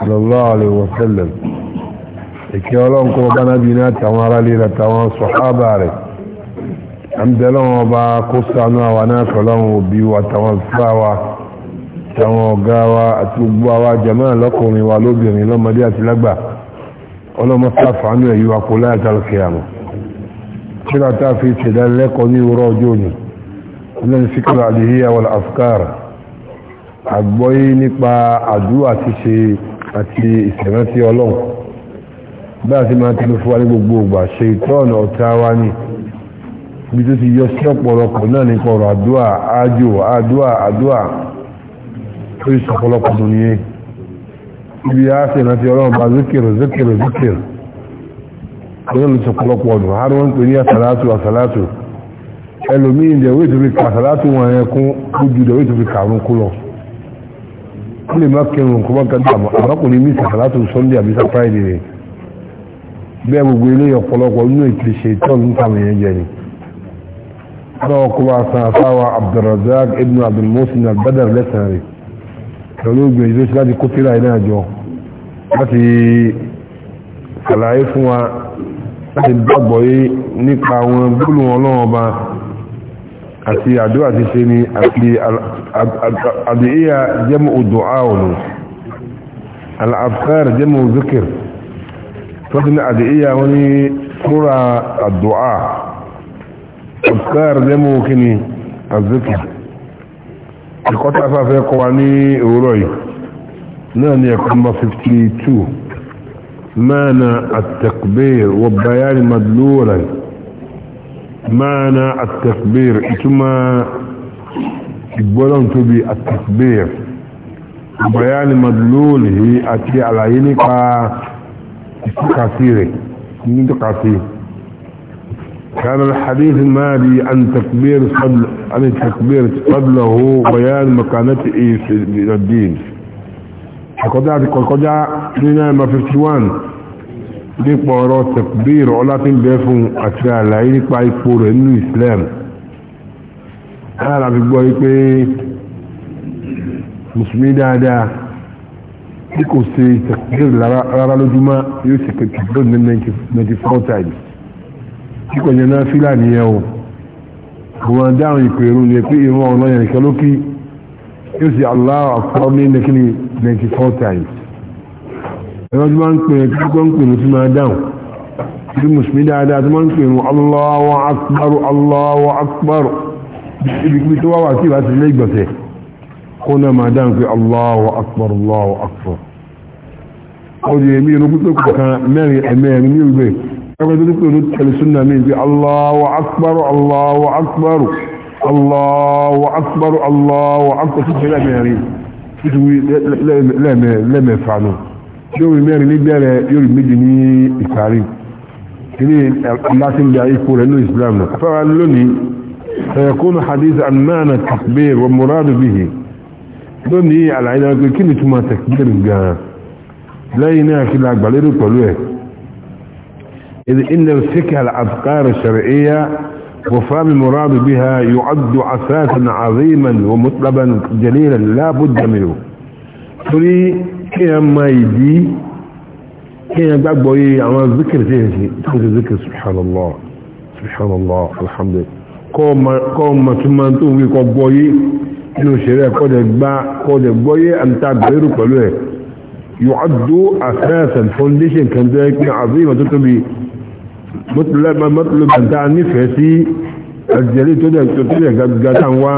sallallahu alaihi wasallam ìkẹ́ ọlọ́run kọ́ bá nábi ní àtàwọn ará lè àtàwọn sọ̀hábà rẹ̀ àmdẹ́lọ́wọ́n ọba kó sánú àwa náà kọlọ́run òbí wa àtàwọn fúláwa àtàwọn ọ̀gá wa àti gbogbo àwa jàmáà lọ́kùnrin wa lóbìnrin lọ́mọdé àti lágbà ọlọ́mọ sáfàánú ẹ̀yí wa kó láyàtàlùkẹ́ àmọ́ kíra tá a fi ṣèdánilẹ́kọ̀ọ́ ní òwúrọ̀ ọjọ́ òní ọlọ́run fíkọ́lá àdìhíyà wal afkar àgbọ́yé nípa àdúrà ti ṣe àti ìṣẹ̀rántí ọlọ́run bá a ti máa tẹnu fún wa ní gbogbo ògbà ṣe ìtọ́ọ̀nà ọ̀tá wa ní ibi tó ti yọ sí ọ̀pọ̀lọpọ̀ náà nípa ọ̀rọ̀ àdúà ájò àdúà àdúà tó ti sọ̀pọ̀lọpọ̀ tó nìyẹn ibi a ṣe ìrántí ọlọ́run bá zikiro zikiro zikiro tó náà ló sọ̀pọ̀lọpọ̀ ọ̀nà har wọ́n ń pè ní àsàlátù àsàlátù ẹlòmíì ìdẹ̀wé tó fi kà àsàlátù wọn yẹn kún ojú ìdẹ̀wé tó fi kà àrùn kú lọ kí lè má kírun kó bá ń kájú àmọ́ àbákùnrin mí sàkàlátò sunday àbí sàfáìdì rẹ̀ bẹ́ẹ̀ gbogbo ilé ọ̀pọ̀lọpọ̀ inú ìkìlì ṣe tọ́n ní tàmì yẹn jẹ ni lọ́wọ́ kó bá san àfáwà abdulrazak ibn abdulmosin albadar lẹ́sàn rẹ̀ ìgbìyànjú sí láti kó tíra iná àjọ láti sàlàyé fún wa láti gbàgbọ́ yé nípa àwọn gbólóhùn ọlọ́wọ́n ọba àti àdúrà ti ṣe ni àti الأدعية جمع دعاء الأذكار جمع ذكر فضل أدعية وني قرى الدعاء أذكار جمع كني الذكر القطع في قواني أوروي نان يكون 52 معنى التكبير والبيان مدلولا معنى التكبير ثم ìgbọ́lọ́n tóbi àtàkbéèr àbáyáni madlóòlì àti àlàyé nípa ìtọ́kasí ní tọ́kasí كان الحديث الماضي عن تكبير قبل عن التكبير قبله بيان مكانته في الدين حقدا قلقدا لنا ما في سوان لقرار تكبير علاتين بيفهم أتلا لعينك بأي فور الإسلام ara fi gbọ́ pé mùsùlùmí dáadáa bí kò ṣe ìtẹ̀kùnrin rárá lójúmọ́ yóò ṣe kẹ̀kẹ́ ní ninety four times bí kò yẹn náà fílà nìyẹn o àwọn dáhùn ìpè irun yẹn pé irun ọ̀nà yẹn nìkan lókì yóò ṣe Allahu Akbar ní nìkan ninety four times ẹ̀rọ tí wọ́n ń pè é kí wọ́n ń pè é tí máa dáhùn bí mùsùlùmí dáadáa tí wọ́n ń pè é Allahu Akbar Allahu Akbar ibi tó wá wà sí ìbáṣe ilé ìgbọ̀nsẹ̀ kó náà máa dáhùn pé Allahu akbar Allahu akbar ó di èmi ìrún pípé kọ̀ọ̀kan mẹ́rin ẹ̀mẹ́rin ní ìgbẹ́ ẹgbẹ́ tó ti pè ní tẹlifíṣúnà mi pé Allahu akbar Allahu akbar Allahu akbar Allahu akbar tó ti lẹ́mẹ̀rin tó ti wí lẹ́mẹ̀fà nù yóò rí mẹ́rin ní bẹ̀rẹ̀ yóò rí méjì ní ìparí kí ni láti ń da ipò rẹ̀ nínú ìsìlámù náà afẹ́ra lónìí فيكون حديث عن معنى التكبير والمراد به دون هي إيه على يقول كلمة ما تكبير قال لا يناك لك بلير طلوه إذ إن الفكه الأذكار الشرعية وفهم المراد بها يعد عساسا عظيما ومطلبا جليلا لا بد منه torí kí ẹ ma ìdí kí ẹ gbàgbọ́ yìí àwọn zikir tí ẹ ṣe tó ṣe zikir subhanallah kọ́ ma tún ma tó wí kọ́ gbọ́yé inú ṣẹlẹ̀ kọ́ dẹ̀ gbá kọ́ dẹ̀ gbọ́yé àmìta gbẹ̀rù pẹ̀lú ẹ̀ yọ̀ọ́dú àfẹ́ẹ̀sẹ̀n foundation kan jẹ́ pé àbí ìmọ̀ tó tóbi mọ́tòlẹ́bàntà nífẹ̀ẹ́ sí àjẹ́lẹ̀ tó dẹ̀ gàtà wá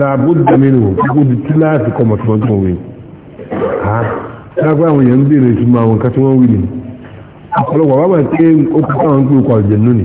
làbúdà mínú kókó di kíláàsì kọ́ mọ̀tún tó wí lágbà àwọn èèyàn ń bèèrè ìtumọ̀ àwọn kan tí wọ́n wí ni ọ̀pọ̀lọpọ̀ wá wà pé ó kọ́ àwọn gbé ọkọ̀ àjẹ̀nú ni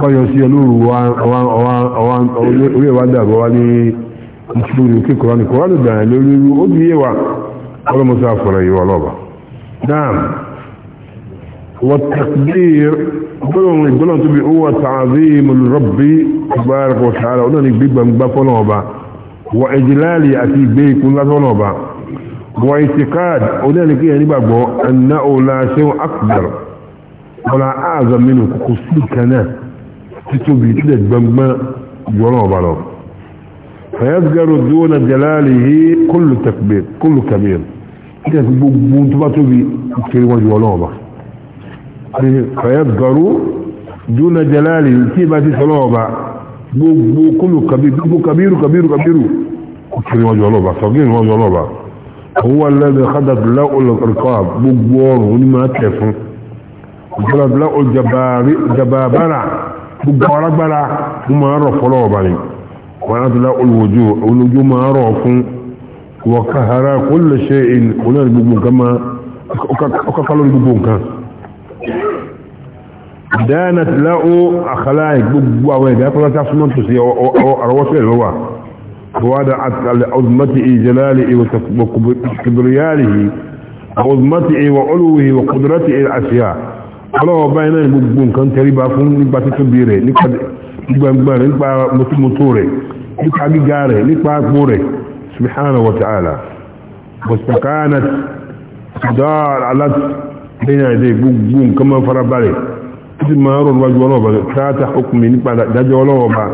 bọ́yọ̀ sí olóòrù orí ẹ̀wà dàbọ̀ wá ní ìṣúrù kí kòránì kòránì dàrẹ̀ lórí ó bí yé wa ọlọ́mọsá fọ̀rọ̀ yìí wà lọ́ba dáàm wọ́tàkbíir gbọ́dọ̀ ìgbọ́dọ̀ tó ẹ̀nà òlà ṣẹ́wọ̀n akbar wọ́n á àzọ mínú kò sí títóbi tílẹ̀ gbọmgbọ́n jọ́rọ̀ ọba lọ fayasgaro dúnà jalali hí kúlù kabir tílẹ̀ gbogbo tó bá tóbi kiri wọn jọ́rọ̀ ọba fayasgaro dúnà jalali tí bá ti sọ́rọ̀ ọba gbogbo kúlù kabir gbogbo kabiru kabiru kabiru kiri wọn jọ́rọ̀ ọba sọ́gí wọn jọ́rọ̀ ọba هو الذي خدت له الرقاب بجوار ونما تفن خدت له الجبابرة gbogbo alágbára mo máa rọ̀ fọ́lọ́ ọ̀bà ni wọ́n á ti lá olùwòjú olójú máa rọ̀ fún wọ́n káhara kó lè ṣe ìlúnáà gbogbo nǹkan máa ọkàkà lórí gbogbo nǹkan dáná ti lá ó àkàlà gbogbo àwọn ẹ̀dá tó láti súnmọ́ tó sí àrọwọ́sọ ẹ̀ lọ́wà wọ́n á àzùmọ́tì ìjẹ́láàlì ìwọ̀n kìbìrìyàlì عظمته وعلوه وقدرته الأشياء ọlọ́wọ́ báyìí náà gbogbo nǹkan tẹríba fún nípa títóbi rẹ̀ nípa gbangba rẹ̀ nípa mọ́tòmọ́tò rẹ̀ nípa gíga rẹ̀ nípa àpò rẹ̀ subhanahu wa ta'ala bọ̀sùpàkánà dáàlá lẹ́yìn àìdẹ́ gbogbo nǹkan máa fara balẹ̀ títí máa rọ̀ níwájú ọlọ́ọ̀bà káàtà okùnmi nípa dájọ́ ọlọ́ọ̀bà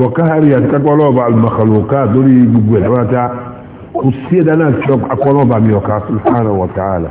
bọ̀káhárì àti kápá ọlọ́ọ̀bà alùmọ̀kàlùkà lórí gbogbo ẹ̀dọ́rata kò sí ẹ̀dá náà tí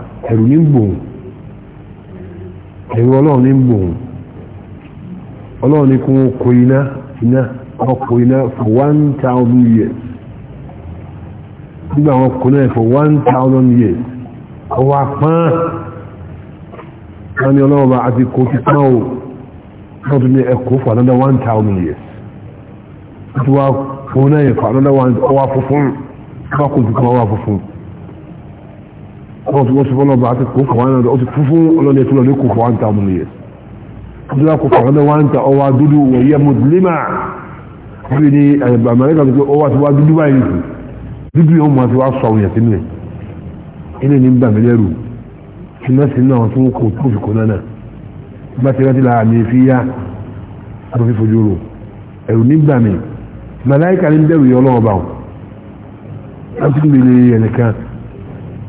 ẹ̀rù ní gbòhùn ẹ̀rù ọlọ́run ní gbòhùn ọlọ́run ní kún kò iná for one thousand years nígbà wọn kò náà for one thousand years ọwọ́ apán wọn ni ọlọ́run bá àti kò ti pán o wọ́n tún ní for one thousand years wọ́n tún wá fún náà yẹn for another one ọwọ́ afúnfún wọ́n kò tún kọ́ wọ́n fi wọ́n sọ fọ́nà ọba àti kò fọ́ wọn náà ó ti kú fún ọlọ́ni ẹ̀tọ́ lọ́dún kò fọ́ wọn ta ọmọ nìyẹn ọdún kò fọ́ wọn wọn ta ọwọ́ dúdú wọ̀nyẹ mọ̀dúlẹ́mà bí ni amẹ́ríkà tó pé ọwọ́ àti wọ́n dúdú báyìí nìkú dúdú yẹn wọ́n ti wá sọ àwọn yẹn sínú ẹ̀ ilé ní gbà mí lẹ́rù sinasi náà tó kò tó fi kò nánà bá ti rántí la àmì fi yá àti fi fojú rò ẹ̀rù nígbà mi màláìkà ní bẹ̀rù yọ ọlọ́wọ́ bá wọn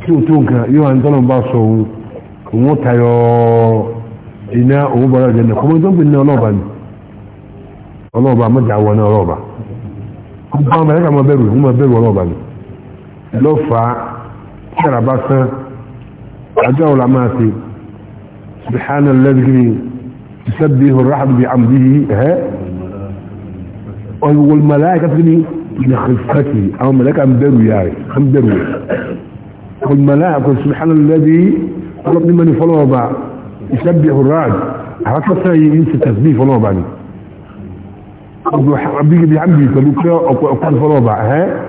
tí ó tó nǹkan yóò hàn tọ́lọ̀ bá sọ òun òun tayọ iná òun bọ̀rọ̀ jẹ́ nà kọ́mọ́ tó ń pè ní ọlọ́ọ̀bà ni ọlọ́ọ̀bà mọ́jà wọ ní ọlọ́ọ̀bà gbogbo àwọn mẹ́ta máa bẹ̀rù wọ́n máa bẹ̀rù ọlọ́ọ̀bà ni lọ́fà tíyàrá bá sán àjọ òun la máa ṣe subhana lẹ́dìgìrì ìṣẹ́bí ìhòrò bi amdihi ẹ̀ ọ̀wọ̀lmọ̀láyà kàtìkì ni ìnàkìfàtì àwọn mẹ́lẹ́kà ń bẹ̀rù yàrá ń bẹ̀rù yàrá الملائكة سبحان الذي قلت لمن يفعله بعد يسبح الرعد حتى ينسى تسبيح فلوه بعد بيجي بيعمل فلوكا وقال فلوه بعد ها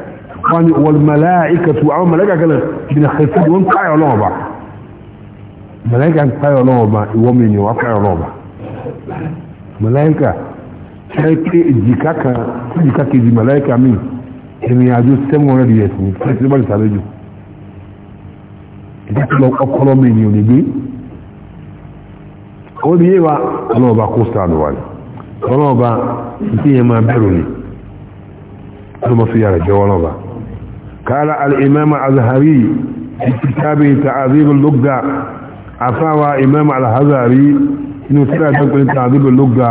قال والملائكة وعوام ملائكة كلا من الخيطان وانت قاعي الله بعد ملائكة انت قاعي الله بعد ومني وقاعي الله بعد ملائكة شايك الجيكاكا إيه؟ الجيكاكي دي ملائكة مين يعني يعجوز سمو دي يسمي فلسل إيه؟ بالي على ìdíkùlọ ọpọlọ mi ni ò lè gbé ó di yé wa ọlọ́ọ̀bá kó sáàdù wa ni ọlọ́ọ̀bá ìdí yẹn máa bẹ̀rù ni ọdún mọ́ fi yàrá jẹ́ ọlọ́ọ̀bá kára al'imama al-hari ti tábí ta'azibin lugga afáwa imam al-hazari inú sílẹ̀ tánkwé ta'azibin lugga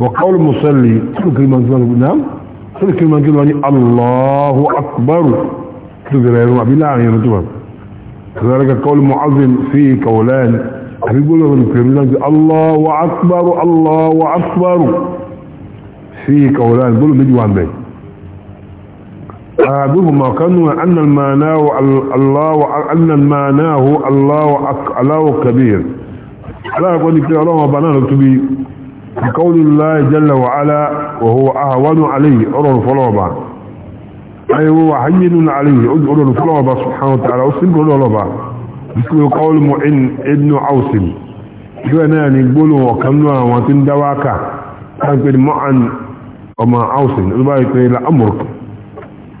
wa kawul musalli turkey man gilwani allahu كذلك قول معظم فيه قولان بيقولوا ابن فيرميلان الله أكبر الله أكبر فيه قولان بيقولوا مجوان بي أحدهما كانوا أن الماناه الله أن الماناه الله الله كبير لا يقول لك الله بنان تبي قول الله جل وعلا وهو أهون عليه أرى الفلوبان أيوة عين عليه أدعو له الله سبحانه وتعالى أصل قول الله مثل قول معين ابن عوصم جوانا نقبله وكمنا وانتن دواكا كان قد معن وما عوصم البايت إلى أمرك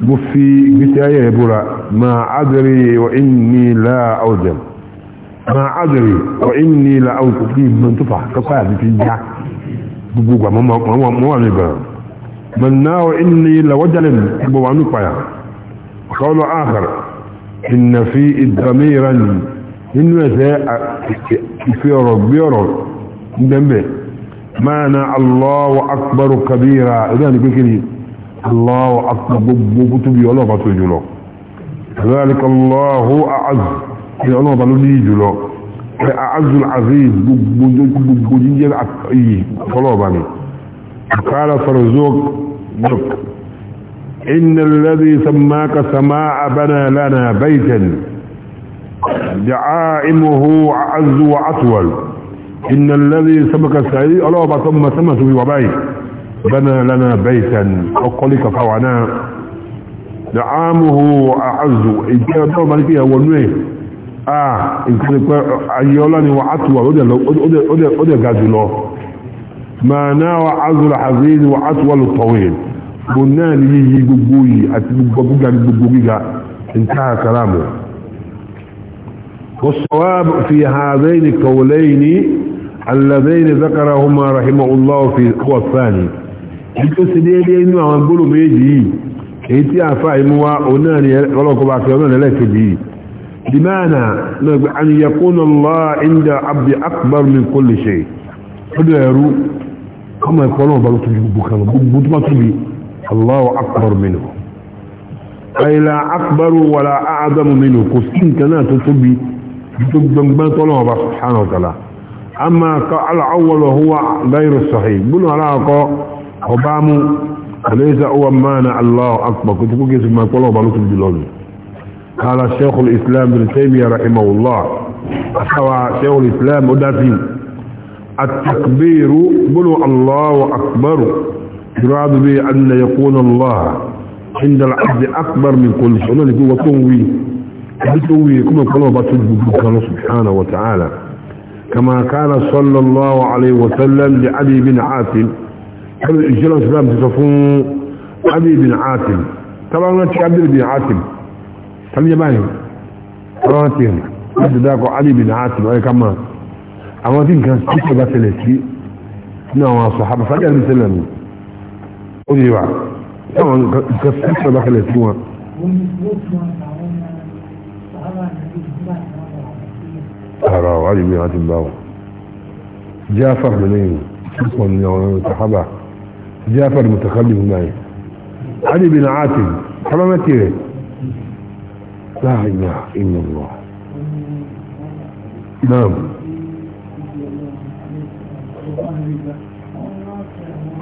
بفي بتاية برا ما أدري وإني لا أوجب ما أدري وإني لا أوجب من تفع كفاية في الجاع بقوة ما ما ما ما ما من ناو إني لوجل أبو بوانقيا قول آخر إن في الضمير إن وزاء في رب يرب دمبه معنى الله أكبر كبيرا إذا نقول الله أكبر بكتب يلغة جلو ذلك الله أعز يلغة لي جلو أعز العزيز بجنجل أكبر طلبني إيه، قال فرزوق نك إن الذي سماك سماع بنى لنا بيتا دعائمه عز وأطول إن الذي سمك سعيد الله بطم سمت وبي بنى لنا بيتا أقلك فوعنا دعامه أعز إن كان الله مالك يا آه إن كان أيولاني وأطول ودي أدى معناه عزل حزين وعطول طويل قلنا لي يجبوي أتبقى بقى انتهى كلامه والصواب في هذين القولين اللذين ذكرهما رحمه الله في هو الثاني يقول الكسدين انه هنقولوا ميجي ايتي افاهموا اوناني ولوكو باكي اوناني لك دي بمعنى ان يكون الله عند عبد اكبر من كل شيء قد يروح كما يقول الله بلو تجيب بكالا تبي الله أكبر منه أي لا أكبر ولا أعظم منه قسين كنا تتبي جتب جنبات الله سبحانه وتعالى أما الأول هو غير الصحيح بلو على أقا أبام ليس هو مانع الله أكبر كنت أقول ما يقول الله بلو قال الشيخ الإسلام بن تيمية رحمه الله أسوى شيخ الإسلام أدافين التكبير بلو الله أكبر يراد به أن يكون الله عند العبد أكبر من كل شيء الله هو تنوي وطوي كما قال الله سبحانه وتعالى كما كان صلى الله عليه وسلم لعلي بن عاتم قال الإجراء الإسلام تصفون علي بن عاتم طبعا أنت عبد بن عاتم هل يباني طبعا أنت عبد ذاك علي بن عاتم أي كمان اما دين كان كتب باتلسي نعم صحابة فجأة بسلم قولي بعد طبعا كتب باتلسي هو هراء علي بن عاتم باو جعفر منين من نعم صحابة جافر متخلف معي علي بن عاتم صحابة ما تيري لا إله إلا الله نعم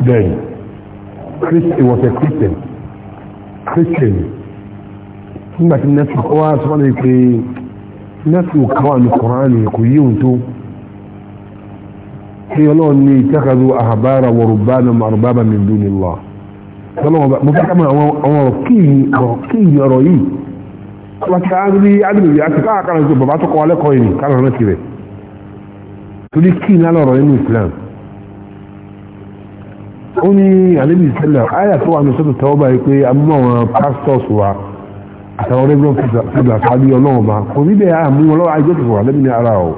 Then, Chris, he was a Christian. Christian. Nígbà tí Nẹ́sì kọ́ wá sọ́nà pé Nẹ́sì kọ́ àmì Kùránì kò yí òun tó. Ṣé ọlọ́run ní ìtẹ́kàdó àhàbára wọ rùbánà mà rùbábà min dunillah. Mo fẹ́ kàmọ́ àwọn ọ̀kíyì ọ̀rọ̀ yìí. Wọ́n ti á rí àdìbò yìí àti káàkiri bàbá tó kọ́ alẹ́kọ̀ọ́ yìí kárọ̀ rántí rẹ̀. Torí kíì lálọ́rọ̀ nínú Ìsìlámù ó ní àlébì ìṣẹ́lẹ̀ àyà tó wà ní sọ́tọ̀ tẹ́wọ́ báyìí pé amúmọ̀ àwọn pastors wa àtàwọn rẹ́gbọ́n fìdà sábí ọlọ́run ma kò ní bẹ́ẹ̀ àmú ọlọ́run àìjọ́ tó wà lẹ́bí ní ara ọ̀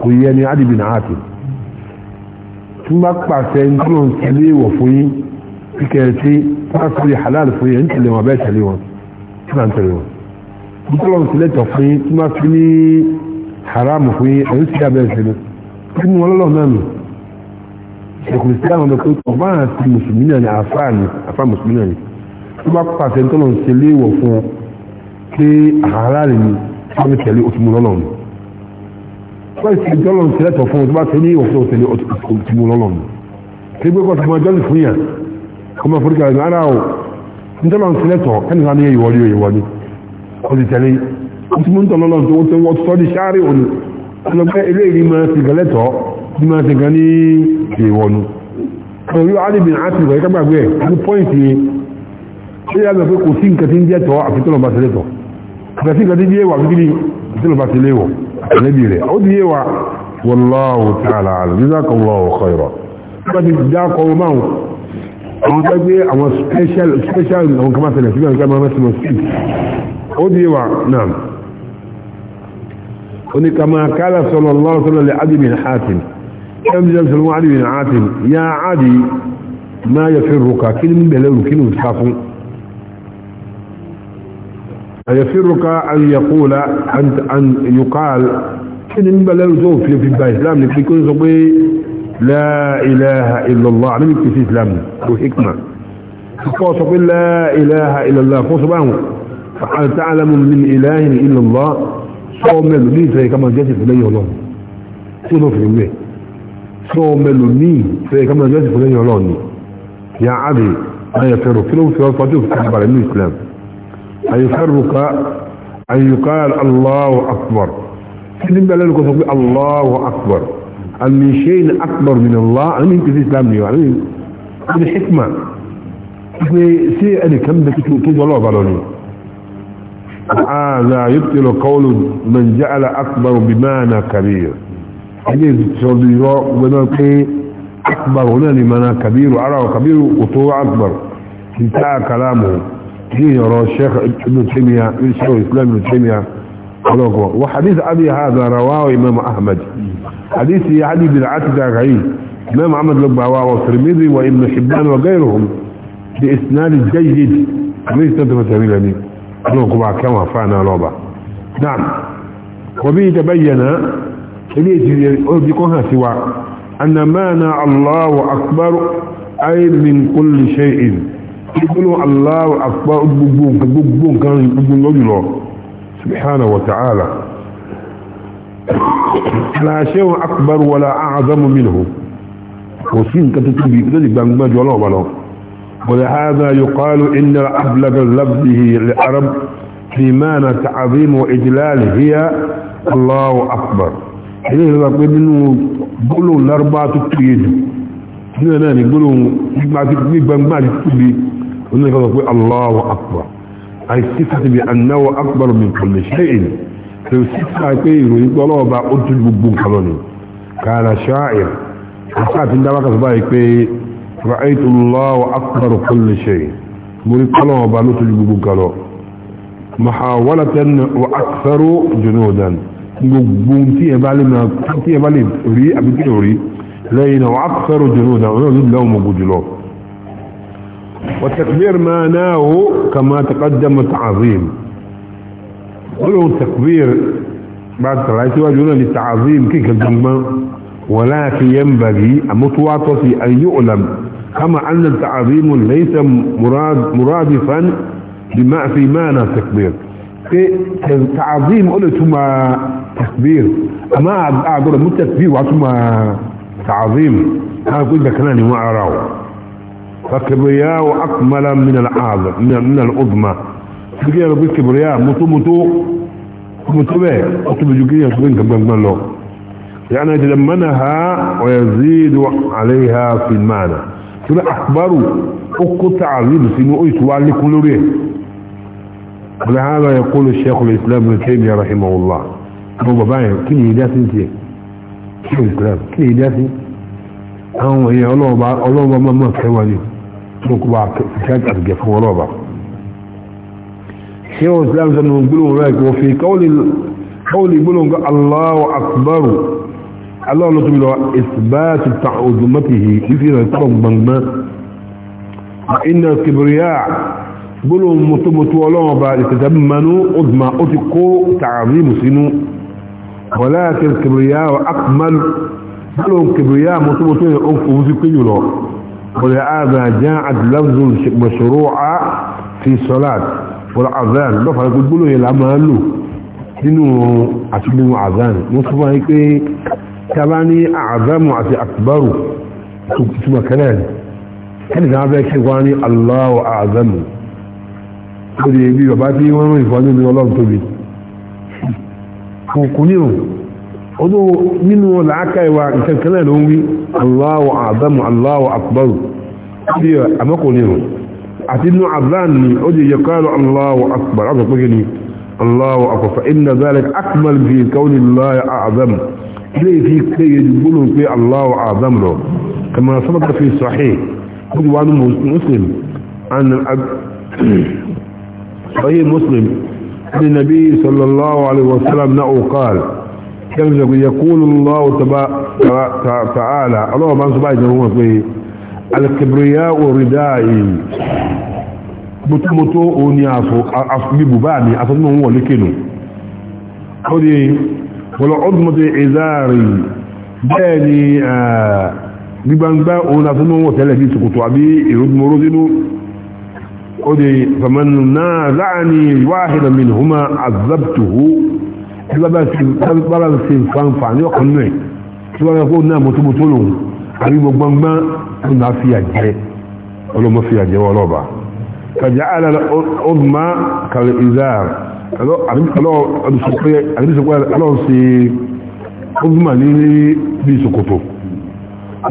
kò yẹ ni adìbì náà àti tí wọ́n bá pàṣẹ nítorí tẹ̀lé wọ̀ fún yín kíkẹ́ sí pásítọ̀rì halal fún yín ẹ̀kùn islam ọ̀dọ̀ pé ọba náà ti mùsùlùmí náà ní àfáà ní àfáà mùsùlùmí náà ní tó bá pàṣẹ ń tọ́lọ̀ ń ṣe léèwọ̀ fún ọ pé àhárá rẹ̀ ni wọ́n fi tẹ̀lé òtún lọ́lọ́ ni wọ́n ti fi tọ́lọ̀ ń ṣe lẹ́tọ̀ fún ọ tó bá tẹ̀lé ìwọ̀ fún òtẹ̀lé òtún lọ́lọ́ ni kí gbé kọ́sí máa jọ́sìn fún yàn kọ́ máa forí kàrẹ̀ ara o ń tọ́lọ̀ ń ṣe lẹ́tọ̀ ẹni náà ní ìwọ ni ìwọ ni ó ti tẹ̀lé ó ti mú ń tọ́lọ́ lọ́n tó wọ́n bí máa ti gan ní ìwọ̀nù ọ̀rọ̀ yóò alì bìnrin àti ìwọ̀n ìkágbàgbé ẹ̀ ní pọ́ìntì yẹn ṣé yàgbà pé kò sí nǹkan tí ń jẹ́ tọ́ àfi tọ́lọ̀ bá tẹ́lẹ̀ tọ́ kò sí nǹkan tí ń jẹ́ wà fíkiri tọ́lọ̀ bá tẹ́lẹ̀ wọ̀ àlẹ́bí rẹ̀ ó di yé wa wọláwù tààlà àlùmílákọ̀ọ́wọ̀ kọ̀ọ̀rọ̀ nígbà tí dákọ̀ máa àwọn tó gbé àwọn special كم جلس المعلم من عاتم يا عادي ما يفرك كل من بلو كن تخاف يفرك أن يقول أن, أن يقال كل من بلو توفي في الإسلام لكي يكون صبي لا إله إلا الله لم يكن في الإسلام وحكمة فوصف لا إله إلا الله فوصف عنه فقال تعلم من إله إلا الله صوم لي كما جاءت في الله صوم في الله tí wọ́n mẹ́lò míì fẹ́ kọ́mọ̀ ẹgbẹ́ ìfún lẹ́yìn ọlọ́ọ̀ni ya adé ayẹ̀fẹ́rò kí ló ń fi wọ́n fọ́jú òfin ìbàrẹ̀ ní islam ayẹ̀fẹ́rò ká ayẹ̀ká allahu akbar kí ní bẹ́ẹ̀ lẹ́nu kọ́ sọ pé allahu akbar àmì ṣe ní akbar min allah àmì ń pèsè islam ni àmì ní hikma ṣe sí ẹnì kan bẹ tó jọ lọ́ọ̀bà lọ ni هذا يبطل قول من جعل أكبر بمعنى كبير هذه الصديرة ودون كي أكبر هنا لمنا كبير وعلى وكبير وطوع أكبر انتهى كلامه كين يرى الشيخ ابن تيمية من شعور الإسلام ابن تيمية وحديث أبي هذا رواه إمام أحمد حديث يعني بالعتد أغير إمام أحمد لقب هواه وصرميذي وإبن حبان وغيرهم بإسنان الجيد كمين ستنتم تهمين لني أنه كما فعنا لوبا نعم وبه تبين إليه يقول أن الله أكبر أي من كل شيء يقولوا الله أكبر سبحانه وتعالى لا شيء أكبر ولا أعظم منه وسين كتتبي كتتبي بانبان جوالو بلو ولهذا يقال إن أبلغ لفظه للعرب في معنى تعظيم وإجلال هي الله أكبر ilé ìlọ́gbà pé nínú gbólóhùn lárúbá tó tóye jù nínú náà ni gbólóhùn gbígbàgbà ti tóbi onílẹ̀ kan sọ pé Allahu akbar àìsíkà ti bí annáwó akbar min kulli shay'in tó síkà pé ìròyìn pé ọlọ́ọ̀bá ó tún gbogbo nǹkan lọ ni kàrà ṣáàìr àti àti dábà kan sọ báyìí pé ra'aytu Allahu akbar kulli shay'in mo rí kọ́lọ́ọ̀bá ló tún gbogbo nǹkan lọ mahawalatan wa aktharu junudan gbogbo tí ẹ bá lè rí àbí tí lẹ́yìn jùlọ jùlọ معناه كما تقدم التعظيم ولو التكبير بعد ثلاثة وجهنا للتعظيم كيف الجنبة ولكن ينبغي متواطف أن يؤلم كما أن التعظيم ليس مراد مرادفا بما في معنى التكبير التعظيم تكبير اما اعذر مو تكبير وعطم تعظيم انا كنت ما اراه فكبرياء اكمل من العظم من العظمى تجي ربي كبرياء متو متو متو به متو بيجي يكون كمان له يعني يتلمنها ويزيد عليها في المعنى ثم اخبروا اكو تعظيم سنو يتوالي كل ريه ولهذا يقول الشيخ الاسلام ابن تيميه رحمه الله àwọn bàbá yẹn kí ni ìdá sí tiẹ̀ kí ni Islam kí ni ìdá sí àwọn èèyàn ọlọ́ọ̀bá ọlọ́ọ̀bá máa máa fẹ́ wá ní mọ̀kú bá kẹ́kẹ́ àtìgẹ̀ fún ọlọ́ọ̀bá ṣé wọ́n Islam sọ nínú gbólóhùn rẹ̀ kò fi káwọ́lì gbólóhùn ká Allahu Akbar Allah ló tóbi lọ ìsìbáàtì ta òdùmọ́tìhì fífi rẹ̀ tọ́ gbọ̀ngbọ́n iná kìbìrìyà gbólóhùn mọ̀tọ́mọ̀tọ́ ọlọ́ọ̀bá ìtẹ̀tẹ̀ mẹ́nu ó ti kó tààrí mùsínú ولكن كبرياء أكمل قالوا كبرياء مطبوطين أنفسكم له ولهذا جاءت لفظ مشروع في الصلاة والأذان لفظ يقول له يلعمل له إنه أتبعوا أذان مصبع هيك كباني أعظم وأتي أكبر ثم كلام كان هذا يكواني الله أعظم قد يبي وباتي وما يفعلون الله تبي فوقنيهم هذا من هو العكاية وإنسان كلا الله أعظم الله أكبر هذا أما قنيهم أتنوا عظاني هذا يقال الله أكبر هذا قنيه الله أكبر فإن ذلك أكمل في كون الله أعظم ليه في كي يقولون في الله أعظم له كما صدق في الصحيح هو مسلم عن الأب صحيح مسلم للنبي صلى الله عليه وسلم نأو قال يقول الله تعالى الله ما سبحانه يقول الكبرياء ردائي mutumoto òun ni àfibù bá ní àfẹ́sùnmọ̀ wọn wọlé kénu ó di wọ́lọ̀ ọdúnmọ́tí ìzáàrí bẹ́ẹ̀ ni gbígbàngbà òun àfẹ́sùnmọ̀ wọn tẹ́lẹ̀ bí ṣòkòtò àbí ìrúdúnmọ́rọ́ sínú odi faman naza'ani wahidan minhuma azabtuhu baba si baba si fan fan yo kan ne ti wa ko na mo tubu tolun àbí mo gbangba na fi aje olo mo fi aje wa loba faja'ala al-udma kal izar alo àbí alo àbí so pe àbí so pe alo si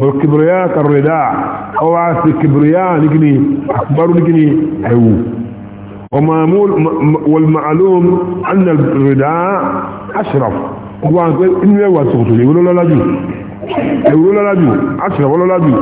والكبرياء كالرداء او عاس الكبرياء نجني اكبر نجني هو أيوه. ومعمول والمعلوم ان الرداء اشرف وان قال ان هو سقطي ولا لا جو ولا لا جو اشرف ولا لا جو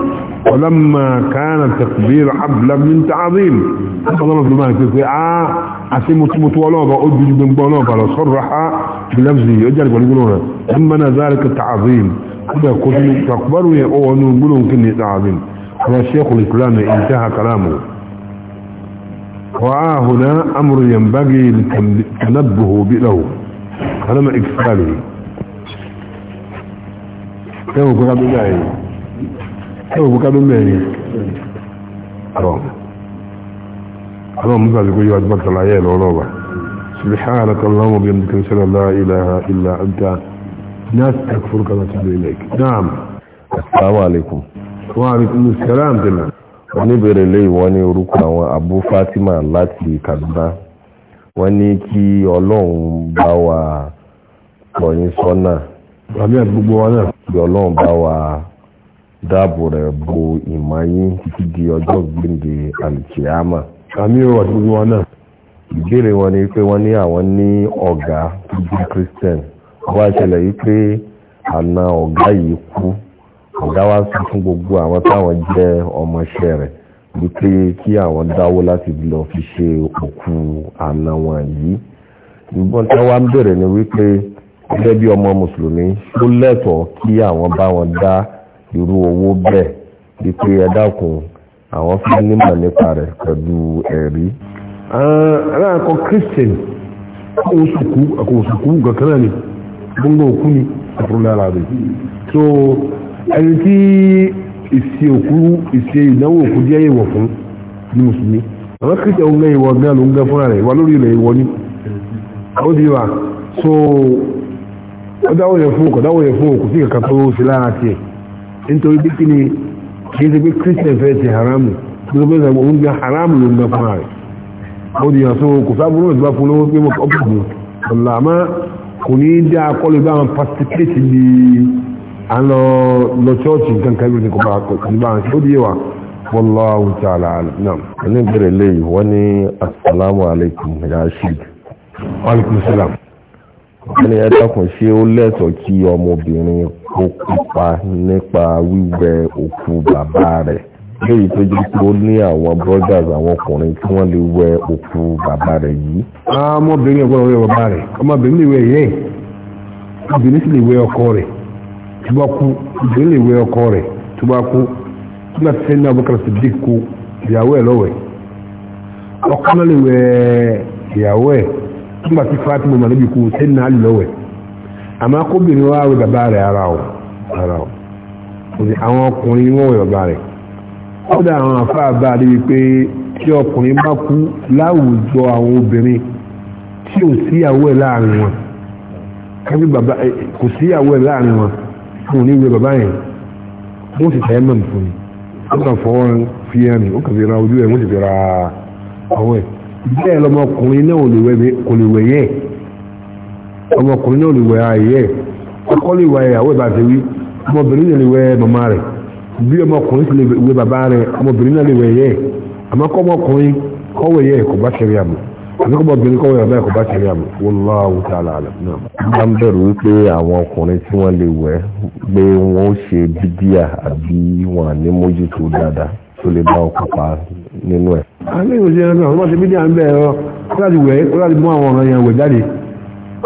ولما كان التكبير حبلا من تعظيم فضل الظلمان كيف اه اسمو تموت ولوبا ادي بن بولوبا صرح بلفظه يجرب يقولون اما ذلك التعظيم كما كل تكبر يقول نقولون كني تعظيم هو الشيخ الإسلام انتهى كلامه وها هنا أمر ينبغي للتنبه له كلام إكفاله كيف قد بجاي كيف قد بجاي حرام حرام مزاج يقول يواجبك العيال ولوبة سبحانك اللهم بيمدك إن لا إله إلا أنت ناس تكفرك وتب إليك نعم السلام عليكم وعليكم السلام تمام wọ́n ní bèrè lé orúkọ àwọn Abu Fatima láti Kaduna wọn ní kí ọlọrun bá wa kí bá wa dáàbò bo títí di alikiyama ìbéèrè wọn ni pé ní àwọn ní tó wá ṣẹlẹ̀ yìí pé àna ọ̀gá yìí kú ọ̀gá wa sọ fún gbogbo àwọn táwọn jẹ́ ọmọọṣẹ́ rẹ̀ wípé kí àwọn dáwó láti lọ fi ṣe òkú àna wọn yìí ìgbọ́n tí wọ́n ń ni wípé gẹ́gẹ́ bí ọmọ mùsùlùmí ó lẹ́tọ̀ọ́ kí àwọn bá wọn dá irú owó bẹ́ẹ̀ wípé ẹ dákun àwọn fún nímọ̀ nípa rẹ̀ pẹ̀lú ẹ̀rí. aláàkọ christian akọ̀wòsùkú akọ̀wòsùkú gàkánná ni gbóngbó òkú ni àfúrúlára rẹ̀ so ẹni tí ìsì òkú ìsì ìdánwò òkú jẹ́ èèwọ̀ fún ní mùsùlùmí àwọn kìrìtẹ̀ òun lẹ́yìn wọ́n gan ló ń gan fúnra rẹ̀ wà lórí ilẹ̀ ìwọ ni ó di wa so ó dáwọ́ yẹn fún òkú dáwọ́ yẹn fún òkú sí kankan tó ṣe lára tiẹ̀ nítorí bí kí ni kì í ṣe pé kìrìtẹ̀ fẹ́ ti haramu gbogbo ẹgbẹ́ òun gan haramu ló o gan fúnra rẹ̀ ó di wa so kò sábúrò ìgbà fún lówó pé mo kọ́ kò ní dá akọ́lù bá wọn pasipéètì bí a lọ lọ chọ́ọ̀chì nǹkan kan ní kò bá wọn ṣe ó di wa wallahu ta'ala alam ní bẹ̀rẹ̀ lẹ́yìn wọ́n ní assalamu alaikum rashid alaikum salam ẹni ẹ dákun ṣé ó lẹ́tọ̀ọ́ kí ọmọbìnrin kó kópa nípa wíwẹ̀ òkú bàbá rẹ̀ léyìí tó jẹ́ pé ó ní àwọn brothers àwọn ọkùnrin tí wọ́n lè wẹ òkú bàbá rẹ̀ yìí. Ah, ọmọbìnrin ọgbọ́n wẹ bàbá rẹ̀ ọmọbìnrin lè wẹ ìyẹ́ ẹ̀ obìnrin sì lè wẹ ọkọ rẹ̀ tó bá kú obìnrin lè wẹ ọkọ rẹ̀ tó bá kú nígbà tí sẹ́yìn náà Abubakar Siddiq kú ìyàwó ẹ̀ lọ́wẹ̀ ọkọ náà lè wẹ ìyàwó ẹ̀ nígbà tí Fatima mọ̀lẹ́bí kú sẹ́yìn náà lọ́wẹ̀ kódà àwọn àfáàbá rí wípé tí ọkùnrin bá kú láwùjọ àwọn obìnrin tí ò síyàwó ẹ̀ láàrin wọn kábí bàbá kò síyàwó ẹ̀ láàrin wọn fún un níwèé bàbá yẹn wọ́n sì tẹ́ mọ̀ fún mi ó kàn fọwọ́ fi hàn ní ó kàn fi ra ojú ẹ̀ wọ́n sì fi ra ọwọ́ ẹ̀ bẹ́ẹ̀ lọmọkùnrin náà kò lè wẹ̀ yẹ́ ọmọkùnrin náà lè wẹ̀ ayẹ́ ọkọ lè wẹ̀ ìyàwó ìbàdí wí ọmọbìnrin lè wẹ̀ màmá rẹ̀ bí ọmọkùnrin ti lè wé bàbá rẹ̀ ọmọbìnrin náà lè wẹ̀ yẹ àmọ́ kọ́ ọmọkùnrin kọ́ wẹ̀ yẹ kò bá ṣẹlẹ̀ àmọ́ àmọ́ kọ́ ọmọbìnrin kọ́ wẹ̀ yẹ kò bá ṣẹlẹ̀ àmọ́ wallahu ta'ala alam náà. bá ń bẹ̀rù wípé àwọn ọkùnrin tí wọ́n lè wẹ̀ pé wọ́n ṣe bídíà àbí wọn ní mójútó dáadáa tó lè bá ọkọ̀ pa nínú ẹ̀. alẹ́ ìwòsàn ẹ̀rọ náà wọ́n ti bídíà ń bẹ̀ ẹ̀rọ láti láti wẹ̀ jáde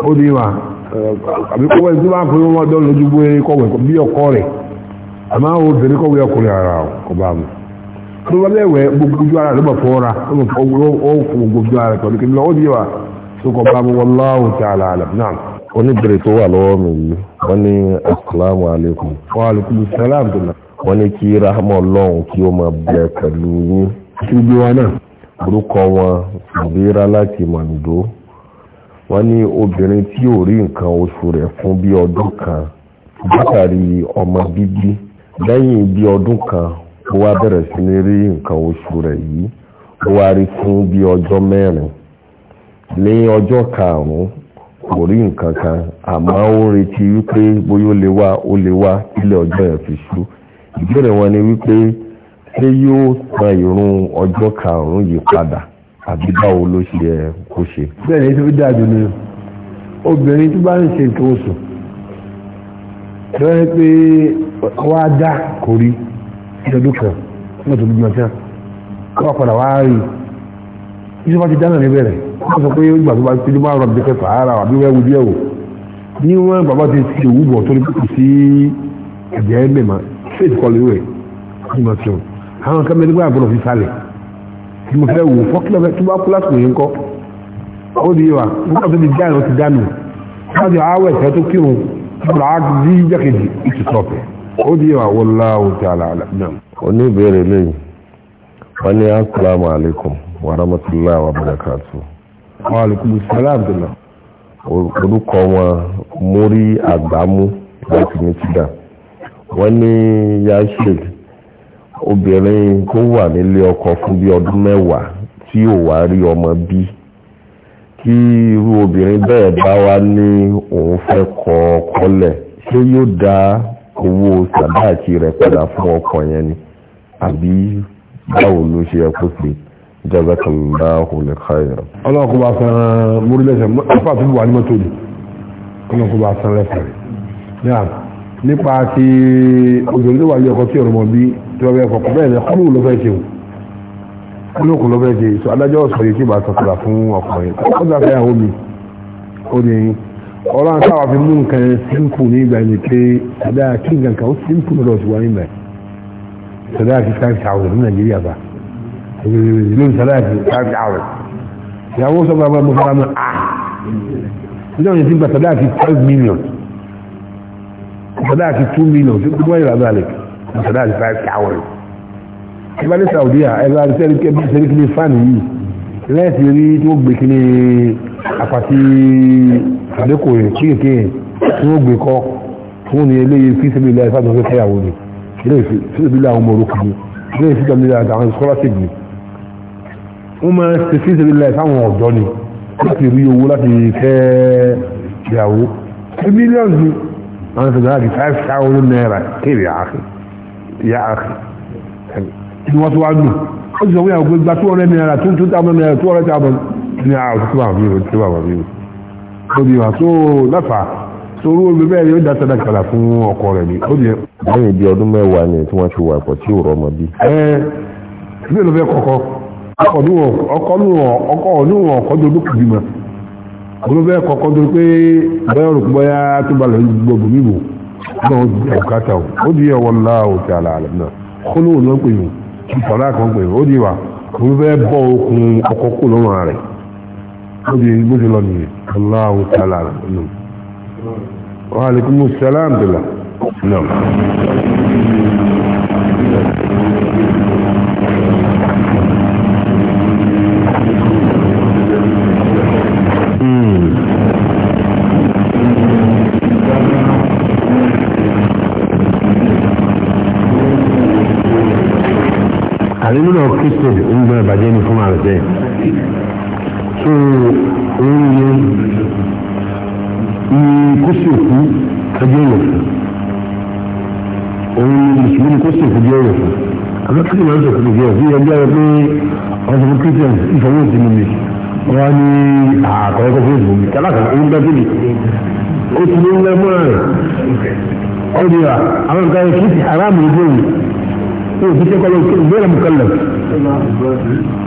ó di wà àbí kọ́wẹ́ tó bá ń fún wọn dán lójú bóyá kọ́wẹ́ bí ọkọ àmọ́ àwọn obìnrin kọ̀wé ọkùnrin ara kò bá mu tó bá lẹ́wẹ̀ gbogbo ara ló bọ̀ fọ́ra ó fún gbogbo ara pẹ̀lú kí lọ́wọ́ bí wà tó kọ̀ bá mu wallahu ta'ala alam náà. oníbèrè tó wà lọ́wọ́ mi yìí wọ́n ní asalaamu alaykum wa alaykum salaam tó náà wọ́n ní kí rahma ọlọ́run kí ó máa bẹ pẹ̀lú yín kí gbé wa náà orúkọ wọn ìbíra láti mọ̀ndó wọ́n ní obìnrin tí ò rí nǹkan oṣù rẹ̀ fún bí ọdún kan látàrí ọmọ bíbí lẹ́yìn bí ọdún kan ó wá bẹ̀rẹ̀ sí ní rí nǹkan oṣù rẹ̀ yìí ó wá rí fún bí ọjọ́ mẹ́rin ní ọjọ́ karùn-ún kò rí nǹkan àmọ́ ó retí wípé bóyá ó lè wá ó lè wá ilẹ̀ ọjọ́ yẹn fi ṣú ìbéèrè wọn ni wípé ṣé yóò san ọjọ́ karùn-ún yìí padà àbí báwo bẹ́ẹ̀ ni obìnrin tó bá ń ṣe nǹkan oṣù lọ́wọ́ pé wá dá kò rí ìdọ̀dún kan ní ọ̀tọ̀ gbogbo ọ̀tá wá padà wá rí ìṣọ́fà ti dáná ní bẹ̀rẹ̀ wọ́n sọ pé ìgbà tó bá ti dé máa rọ̀ bí kẹfà ara àbí wẹ́wù díẹ̀ wò ní wọ́n bàbá ti ti òwú bọ̀ tó ní kò sí ẹ̀jẹ̀ ẹ̀mẹ̀ mà faith kọlu rẹ̀ ní ma tó àwọn kan mẹ́rin gbọ́dọ̀ gbọ́dọ̀ fi sálẹ̀ tí mo fẹ́ wò fọ́ kílọ̀ tó bá kú láti òyìn kọ́ ó di wa nígbà tó ti dáná ti dáná wọ́n ti àwẹ̀ ẹ̀sẹ̀ tó kírun ìgbà á di jẹ́kejì ìtùtọ̀pẹ̀ o di ìwà wallahu ta'ala a'lam. oníbèrè lẹ́yìn wọ́n ní asalaamu alaykum wa rahmatulahi wa barakatu. wa alaykum salaam orúkọ wọn mórí àgbámú láti ní tìdá wọ́n ní yashid obìnrin tó wà nílé ọkọ fún bí ọdún mẹ́wàá tí ò wá rí ọmọ bí kí irú obìnrin bẹ́ẹ̀ bá wá ní òun fẹ́ ọkọ lẹ̀ ṣé yóò owó sàdáàkì rẹ̀ padà fún ọkọ yẹn ni àbí báwo ló ṣe ẹkú sí jazakallahu lè káyọ̀. ọlọ́kùnrin bá san múrílẹ̀sẹ̀ nípa tó wà ní mọ́tò ni ọlọ́kùnrin bá san lẹ́sẹ̀ rẹ̀ nípa ti òṣèlú wà yẹ ọkọ tí ọ̀rọ̀ mọ̀ bí tí wọ́n fẹ́ kọ̀ọ̀kan bẹ́ẹ̀ ni kúrò ló fẹ́ ṣe olókùn ló fẹ́ ṣe adájọ́ sọ yìí tí ìbá sọ̀tàlà fún ọkùnrin ọkùnrin fẹ́ ọlọ́run sáwà fi mú nǹkan sínkù ní ìgbà ní pé sàdá kí nǹkan kan ó sínkù lọ́dọ̀ sí wáyé mẹ́ sàdá kí five thousand ní nàìjíríà bá lórí sàdá kí five thousand ìyàwó sọ bàbá mo fara mọ́ a níjọ́ ah! yẹn ti gba sàdá kí five million sàdá kí two million tí gbogbo ayé bàbá rẹ̀ kí five thousand ìgbà ní Saudiya ẹ̀rọ àti sẹ́ríkì ní fáànù yìí lẹ́yìn tí ó gbé kí ní àpàtì àdékò rẹ̀ kéèké yẹn tí wọ́n gbé kọ́ fún ní eléyìí fi síbi ilẹ̀ ìfàdùn fẹ́ fẹ́yàwó ni eléyìí fi síbi ilẹ̀ àwọn ọmọ òrukàn ni eléyìí fi síbi ilẹ̀ àwọn scholarship ni wọ́n máa ṣe fi síbi ilẹ̀ fáwọn ọ̀dọ́ ni láti rí owó láti fẹ́ ìyàwó ṣe mílíọ̀nù ni àwọn ìfẹ̀dọ̀ láti five thousand naira kéèrè àáké ìyá àáké kí wọ́n tó wá dùn ó sì sọ pé àwọn gbẹgbà two hundred naira two two thousand naira two hundred thousand naira àwọn tó tó àwọn mi rò tó obìnrin tó lẹ́fà torú omi bẹ́ẹ̀ yóò dá sàdákà fún ọkọ rẹ̀ ni ó yẹ. lẹ́yìn bíi ọdún mẹ́wàá ni tí wọ́n ti wà pọ̀ tí ò rọmọ bí. ẹ ilé ló fẹ́ kọ́kọ́ ọkọ̀ níwọ̀n ọkọ̀ níwọ̀n ọkọ̀ níwọ̀n ọkọ̀ dodo kìbí mọ́ ló fẹ́ kọ́kọ́ torí pé bẹ́ẹ̀ rò bóyá tó balẹ̀ gbọ̀gbọ̀ mímú náà bùkátà o ó di ẹwọ ńlá òkè àlàálẹ̀ náà kólóhùn ló ń pè yín ìtọ́lá kan pè yín ó di wa òun fẹ́ bọ́ okun ọkọ̀ kó lọ́rùn rẹ̀ لوني الله تعالى نعم. وعليكم السلام بالله نعم ọdún wa àwọn nǹkan yẹn kìí ti haramu ní bóyì yóò fi ṣẹ́kọ̀ lọ́wọ́ ìgbéra mùkálẹ̀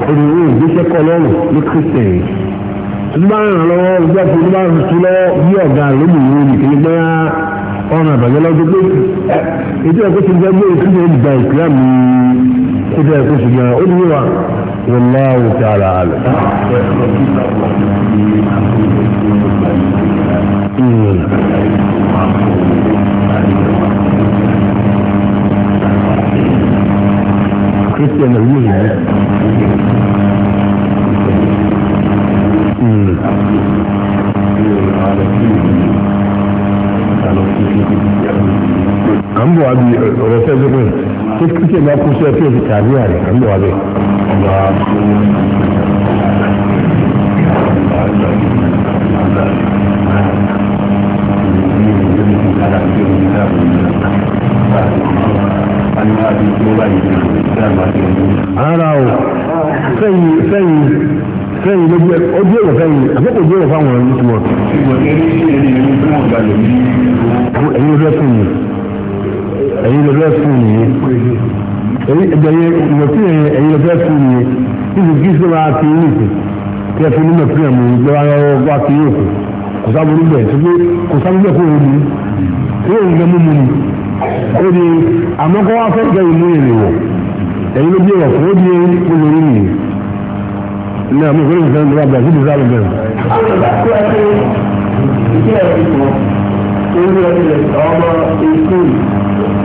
ọdún yóò fi ṣẹ́kọ̀ lọ́wọ́ ní kírísítẹ̀rì nígbà ràn lọ́wọ́ ìgbà tó nígbà ràn tó lọ́wọ́ bí ọ̀gá lómìnira nìkan gbẹ́ ọ̀ràn àbàjẹ́ lọ́jọ́ pé ètò ẹ̀kọ́ ti gbẹ́ gbé ìtúnyẹ̀ ìgbà ìsìlámù kó والله تعالى أعلم Christian Arena. Mm. An bọ̀ wá bí ọ̀rọ̀ sẹ́sẹ̀ pé kí Christian bá kú sí ẹ fún èsì àrẹ̀, an bọ̀ ara o sẹ́yìn sẹ́yìn sẹ́yìn lójú ẹ ojú èrò sẹ́yìn àkókò ojú èrò fáwọn ẹni tí wọ́n. ẹ̀yin ojú ẹ̀ fún mi ẹ̀yin lọ́fẹ́ fún nìyẹn ẹ̀yin lọ́fẹ́ ẹ̀yin lọ́fẹ́ fún nìyẹn níbi kí sọ máa fi ní ìpè kí ẹ fi ní mẹ́fìlì àmọ́ ìgbẹ́ wa lọ́wọ́ wá fi ní òkú kò sábúrú bẹ̀ tó pé kò sábúrú bẹ̀ kó o ní kó o gbẹ mímu ni ó di àmọ́kọ́ wá fẹ́ gẹ ìmú èrè wọ̀ ẹ̀yin ló bí wọ̀ fún ó di olórí nìyẹn ní àmọ́ ìfẹ́ ìfẹ́ ìfẹ́ ìfẹ́ ìfẹ́ ìfẹ́ ìfẹ́ ìfẹ́ ìfẹ́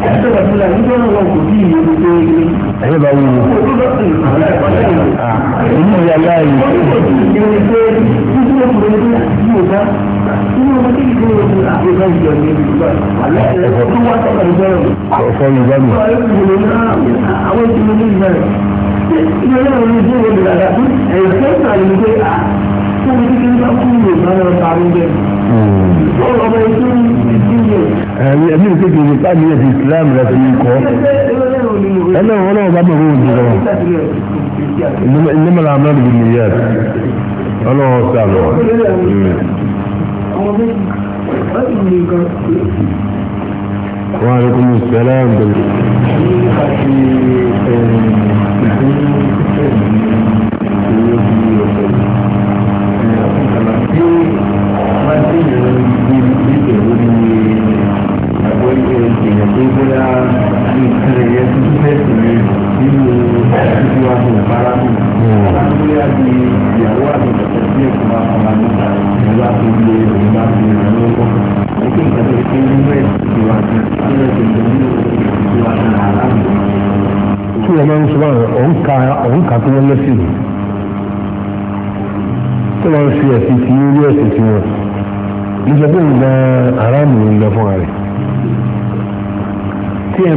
ẹ̀yẹ́ bá wù ú. èyí ni yàrá yìí. ọ̀fọ̀ yorùbá mi. àwọn ìṣẹ̀lẹ̀ ní ìgbà rẹ̀. ilé ẹ̀rọ ní ìdílé rẹ̀ dàgbà tó ẹ̀yìn tó ń sàlẹ̀ ní pé à fún mi kékeré bá kú yorùbá náà ta ló bẹ̀. ọ̀rọ̀ ọmọ ẹ̀ṣẹ́ ní ìdílé rẹ̀ ẹ̀mí ìkéde ní pàdé ẹ̀sìn Islam rẹ̀ fi kọ́ ẹlẹ́wọ̀n ọlọ́wọ́ bá bẹ̀rẹ̀ òun jùlọ ìlẹ́mọ̀lá amúnáà lè ní yẹ ọlọ́wọ́ sàlọ̀ wọ́n á rí kúmù sẹ́lẹ̀ ń bẹ̀rẹ̀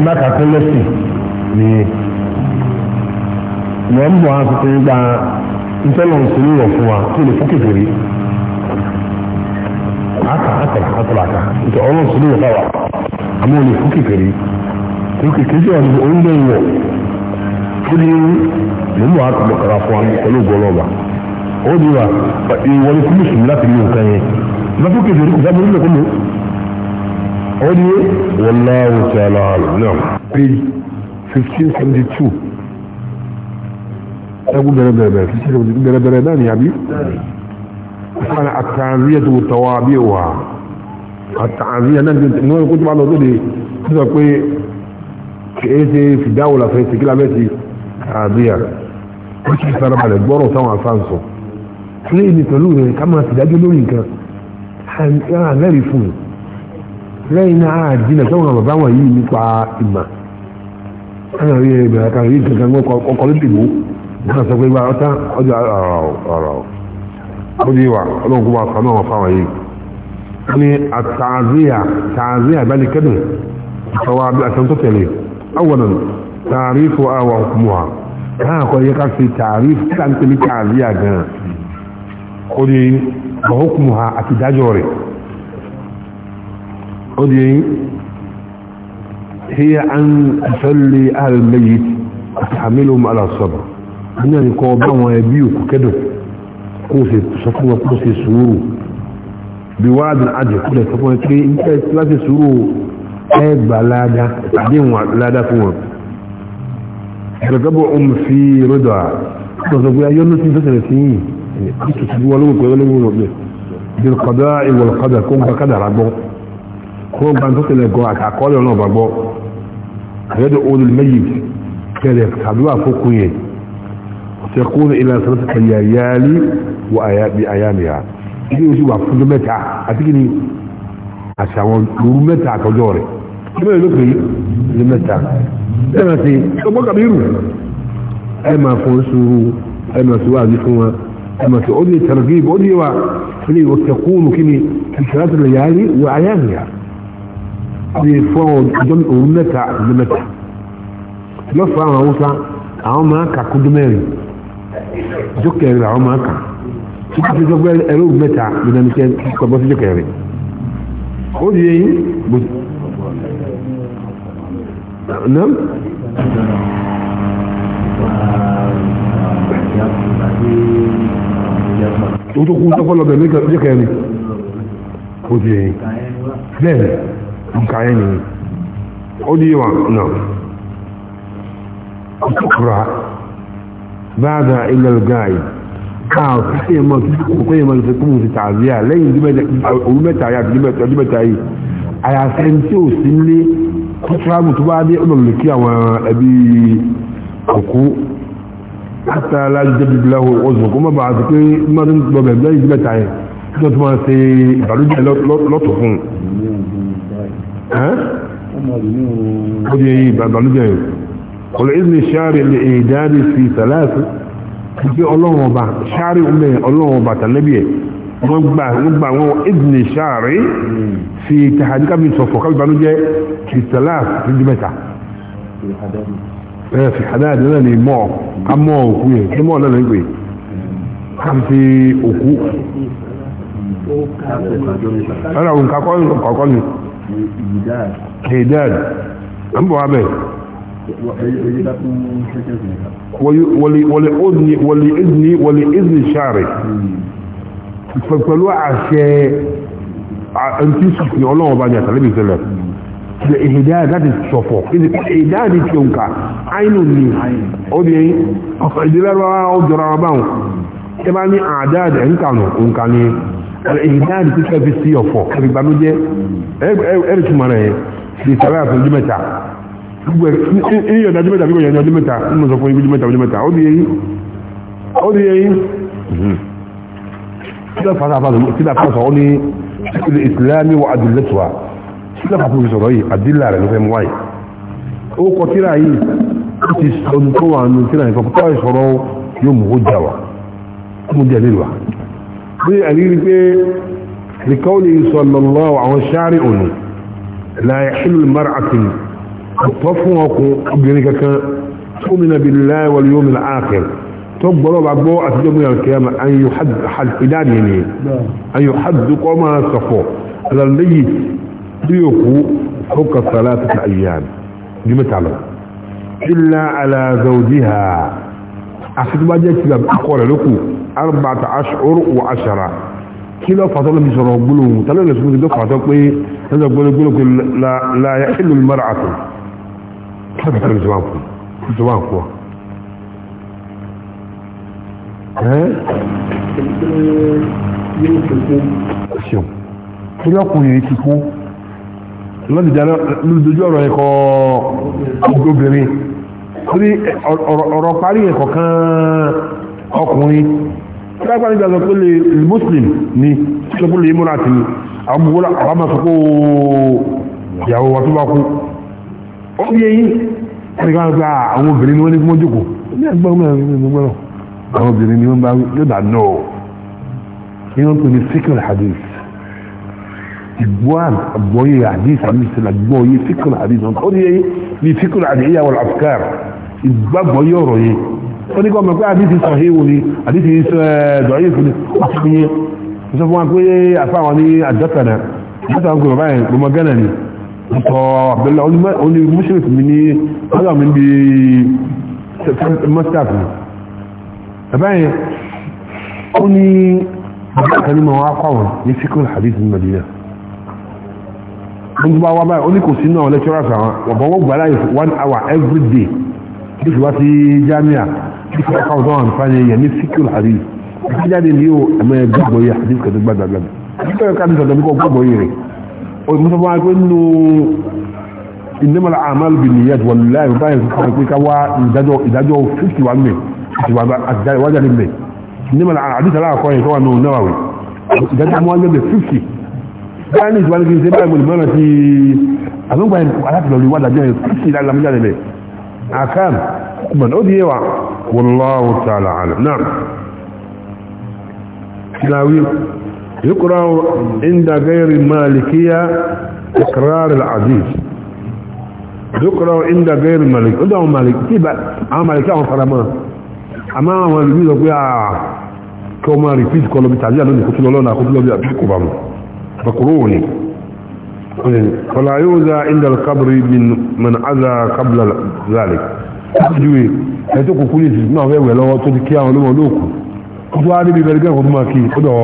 má kà kún lẹ́sìn ni wọ́n ń bọ̀ wá kúkú gba ntọ́nà òsèlú wọ̀ fún wa kí lè fún kékeré aka aka aka aka ntọ́ ọ̀nà òsèlú wọ̀ fáwa àmọ́ ò lè fún kékeré kí kékeré jẹ́ ọ̀nà oúnjẹ wọ̀ kí ni mò ń bọ̀ wá kúkú kàrà fún wa pẹ̀lú ògbọ́lọ́ba ó di wa ìwọlé fún mùsùlùmí láti ní nǹkan yẹn lọ́fún kékeré kò sábà ó ní wallahu ta'ala a'lam page fifteen seventy two ẹkún bẹ̀rẹ̀ bẹ̀rẹ̀ bẹ̀rẹ̀ fifteen seventy two bẹ̀rẹ̀ bẹ̀rẹ̀ náà ni àbí ìfànà àtàríyà tó tọwọ́ àbí wà àtàríyà náà ni wọ́n kó tó bá lọ sóde tó sọ pé kìí ṣe fìdáwò làfẹ́ sí kí lábẹ́ ti àríyà ó sì farabalẹ̀ gbọ́rọ̀ táwọn afáǹsọ̀ fún èyí pẹ̀lú rẹ̀ ká máa fìdájọ́ lórí nǹkan àlẹ́rìí fún un lẹ́yìn náà àjìnà sọ́wọ́n bàbá wọn yìí nípa ìmà ẹ̀nà rí na bẹ̀rẹ̀ kan yìí kankan ọkọ̀ ló dìbò náà sọ pé wá ọ̀tá ọjọ́ ọ̀rọ̀ ó di ọlọ́run kó wà a náà fáwọn yìí wọ́n ní àtàzíà tàzíà ìbáni kẹ́dùn ìfọwọ́ tẹ̀lé àwọn wa yẹ ودي هي أن أسلي أهل الميت أتحملهم على الصبر أنا نقوم بهم يبيوك كده قوسي صفوة قوسي سورو بوعد العجل كده صفوة كده انت ثلاثة سورو أبا لادا بعدين لادا فوق رقبهم في رضا تصدقوا يا يونس فسنة سنين يعني أنتوا تقولوا لهم بالقضاء والقدر كون بقدر عبوه kó gbàntọ́tẹ̀lẹ̀ gan àkàkọ́lẹ̀ ọ̀nà ọ̀bàgbọ́ àyẹ́dẹ̀ olùmẹ́yì tẹ̀lẹ̀ tàbí àkókò yẹn tẹ̀kún ilẹ̀ sọ́tẹ̀ tẹ̀yàyàlì wọ àyàmìyà ilé oṣù wà fún mẹ́ta àti kìíní àti àwọn òru mẹ́ta àtọ́jọ́ rẹ̀ kí mẹ́rin ló pè é ní mẹ́ta ẹ̀mà sí ọgbọ́n kàbírù ẹ̀mà fún sùúrù ẹ̀mà sí wàásù fún wọn ẹ̀mà sí ọdún ọdún ìwà ilé ìwọ̀ tẹ̀kún kìíní ìtàràtìlẹ̀yàlì wọ àyàmìyà bí fún ọjọ́ òun mẹ́ta ọjọ́ mẹ́ta lọ́fọ̀ àwọn haúsá àwọn a kà kó dúmẹ́rin ọjọ́ kẹrin àwọn máa kà tí wọ́n ti sọgbẹ́ ẹ̀rọ mẹ́ta lọ́dọ̀ ní kẹ́ sọgbọ́ sí ọjọ́ kẹrin ó di yẹn bó nam. o tó kú sọ́kọ́ lọ́bẹ̀ ní ọjọ́ kẹrin ó di yẹn bẹ́ẹ̀ nǹkan yẹn nìyí ó di wa náà ọkùnrin báadà ilẹ̀ gáàyì káà kíkẹ́ yẹn mọ́ kíkọ́ yẹn mọ́ kíkọ́ kúmù ti tààzíà lẹ́yìn òun mẹ́ta yà ọdún mẹ́ta yìí àyàfẹ́ tí ò sí nílé tó tíráàmù tó bá dé ọ̀nà lè kí àwọn ẹbí òkú láti alájẹ́ bíbí lẹ́wọ̀ ọ̀sùn kó má bàa sí pé mọ́tò lọ́bẹ̀ lẹ́yìn mẹ́ta yẹn tó tó máa ṣe ìbàdójẹ́ lọ́tọ̀ fún un oye ìbànújẹ́ yìí ọ̀lẹ́ ìdílé ṣáàrì lè èdàdì sí sàlásì wípé ọlọ́run ọba ṣáàrì ọmọ ọlọ́run ọba tàlẹ́bí ẹ̀ wọ́n gbà wọ́n gbà wọ́n ìdílé ṣáàrì sí tàhàdí kábí sọ̀fọ̀ kábí ìbànújẹ́ sí sàlásì sí di mẹ́ta ẹ̀ fi hàdáàdì náà ní mọ́ amọ́ òkú yẹn ní mọ́ ọ̀lẹ́lẹ́ ìgbè káfí òkú. ara òǹkà kọ́ ni ìdáàdì an bọ̀ abẹ́ wọlé ìdní wọlé ìdní ṣàrẹ̀ pẹ̀lú àṣẹ àti ṣùfin ọlọ́wọ́ bá ní àtàlẹ́bì sẹ́lẹ̀ ìdáàdì láti ṣọ̀fọ̀ ìdáàdì tí ó ń ka àìnù ni obìnrin ọ̀fẹ́ ìdílẹ́rọ̀ ọjọ́ra ọba ẹbá ní àdáàdì ẹ̀ńkànù òǹkà ni ìdáàdì tó kẹfì sí ọ̀fọ̀ ẹgbẹ̀gbẹ̀lójẹ́ ẹ̀rìtùmọ̀rẹ̀ ṣe sàrẹ́ àtọ́jú mẹ́ta iye ọ̀dájú mẹ́ta bí ọ̀yànjú mẹ́ta nínú sọ fún ibi mẹ́ta ọdún mẹ́ta ó di eyín ó di eyín sílẹ̀fàṣà ó ní sílẹ̀ ìsìlámi wa adìlẹ́tùwa sílẹ̀fàṣà fi sọ̀rọ̀ yìí adìlà rẹ̀ ló fẹ́ mú wáyé ó kọ tíra yìí ó ti sọ̀rọ̀ tó wà nù tíra yìí kọ́ دي قليل ايه لكونه صلى الله عليه الشعر انه لا يحل المرأة التفوق بلك تؤمن بالله واليوم الآخر تقبلوا بعد بوعة جمع الكيامة أن يحد حال فلان يعني أن يحد قوما صفو على اللي ديوكو حق ثلاثة أيام جمع تعلم إلا على زوجها أخذ ما جاءت كلاب أقول لكم arbata ashur wa ashara kí ló fàtọ́ lóbi sọ̀rọ̀ gbólóhùn tálẹ́ lè sọ́kùnrin tó fàtọ́ pé lọ́jọ́ gbólóhùn pé láyé ìlú mara àtò kí ló fàtọ́ lóbi sọ̀rọ̀ kú wa. ṣeun kí lọ́kùnrin ti kú lọ́dìjà lójú ọ̀rọ̀ ẹ̀kọ́ ọgbọ́bìnrin torí ọ̀rọ̀ parí ẹ̀kọ́ kan ọkùnrin kílápá nígbà sọ pé muslim ni sọ pé lèémù láti ni àwọn gbogbo àwọn máa sọ pé ìyàwó wa tó bá kú ó bí eyín ẹni kan gba ah, àwọn obìnrin ni wọ́n ní kí wọ́n jókòó ní ẹgbẹ́ ọmọ ẹ̀rọ ní gbọ́dọ̀ àwọn obìnrin ni wọ́n ní wọ́n pè ní sikul ó ní kọ́ mọ̀ pé àdìsí sọ̀hí wò ni àdìsí eh, dọ̀yìn fún mi ó sọ fún wa pé àfa àwọn ní àjọkànà láti àwọn kòmọ̀ báyìí ló mọ gánà ni ọ̀tọ̀ àbẹ̀lẹ̀ oní mùsùlùmí mi ní ọlọ́ mi bí mustaf ni àbáyìí ó ní àbákan ní mọ̀ wá kọ́ wọn ní fíkún àdìsí wọ́n bá wá báyìí ó sínú àwọn lecturers àwọn ọ̀bọ̀n wọ́n gbà one hour every day bí kì sí jamia kíkọ́ káwọn tó àǹfààní yẹn ní síkìl hadith ìfíjáde ni yóò ẹ̀mọ́ ẹ̀ gbàgbọ́ yẹ hadith kẹ́tọ́ gbàgbàgbàgbà kíkọ́ yẹ káàdì sọ̀tọ̀ nípa gbàgbọ́ yẹ rẹ̀ o musa fún wa pé nù innamal a'malu binniyat wallahi bá yẹn fún wa pé ká wá ìdájọ́ ìdájọ́ fífi wa mẹ́ àtìwájà ni mẹ́ innamal hadith aláàkọ́ yẹn tó wà nù náwà wẹ̀ ìdájọ́ mọ́ wájú bẹ̀ fífi báyìí ní ìsìnkú kí n ṣe báyìí حكما أدي والله تعالى عالم نعم تلاوي يقرأ عند غير المالكية إقرار العزيز يقرأ عند غير المالك أدعو مالك كيف عملك عن أما مالك يقول كما ريبيت كل بتعزيه لن يكتلوا لنا أخذ لنا فلا يوزى عند القبر من من عزى قبل ذلك àjúwe ẹ̀tọ́ kò kú ní ìsìnkú náà fẹ́wẹ̀ lọ́wọ́ tó ti kí àwọn olómọ olóòkú tó tó wá níbi ìbẹ̀rẹ̀ gẹ́gẹ́ fún máa kí ó dọ̀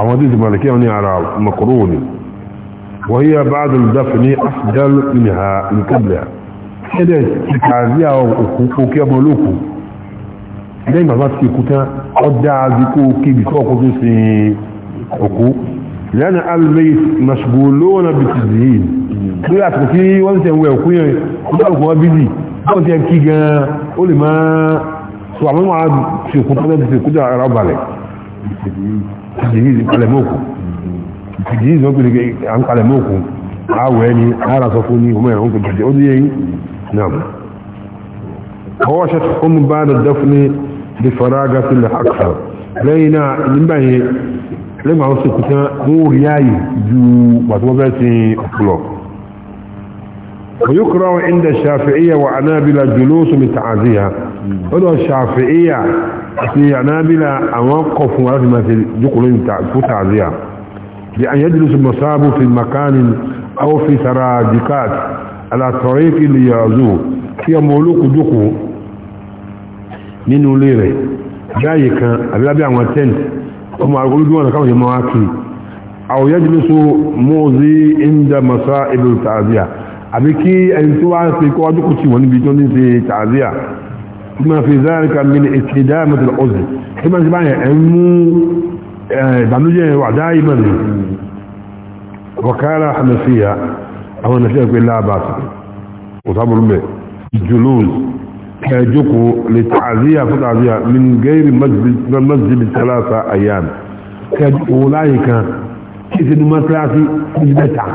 àwọn tó ti mọ̀lẹ̀ kí wọn ní ara mọ̀kúrò ni wọ́n yíya bá a dọ̀lù dáfẹ́ ní afidal ní ha nìkàbíà ẹ̀dẹ̀ ti kàrí àwọn òkú kó kí ọmọ olóòkú lẹ́yìn bàbá ti kú àwọn tí a kí gan ó lè máa sọ àwọn máa ṣèkú pọ́tẹ́ ti ṣèkú jà ara balẹ̀ ìjìyí palẹ̀mọ́kù ìjìyí sọ pé à ń palẹ̀mọ́kù àwẹ̀ ni ara sọ fún ní ọmọ ẹ̀rọ kò jẹjẹ ó ní yẹn náà ọwọ́ ṣe tó mú bá da dáfúnni di faraga sílẹ̀ àkàrà lẹ́yìn náà nígbà yẹn lẹ́gbàá ó ṣèkú tán wọ́n rí ويقرأ عند الشافعية وعنابلة جلوس لتعزيها هذا الشافعية في عنابلة أوقف ولكن في جقل تعزيها بأن يجلس المصاب في مكان أو في سرادكات على طريق ليازوه في مولوك جقو من ilé rẹ̀ jáyé kan àbílábí àwọn tent ọmọ agolójú wọn káwọn yẹ mọ́ wá kí àwòyẹ́jìlúsù àbí kí ẹni tí wá ń fi kọ́ ọdún kùtì wọ́n níbi tó ní ṣe tààzíà tí ma fi záríkà min ìtìdá mẹ́tàlá ọ̀zì tí ma ti bá yẹn ẹ̀mú ìbànújẹ́ wà dáyé mẹ́rin wọ̀kára hanafiya àwọn nàfíà pé lábàtì òsàbùrùmẹ̀ julus ẹjọ́kù lè tààzíà fún tààzíà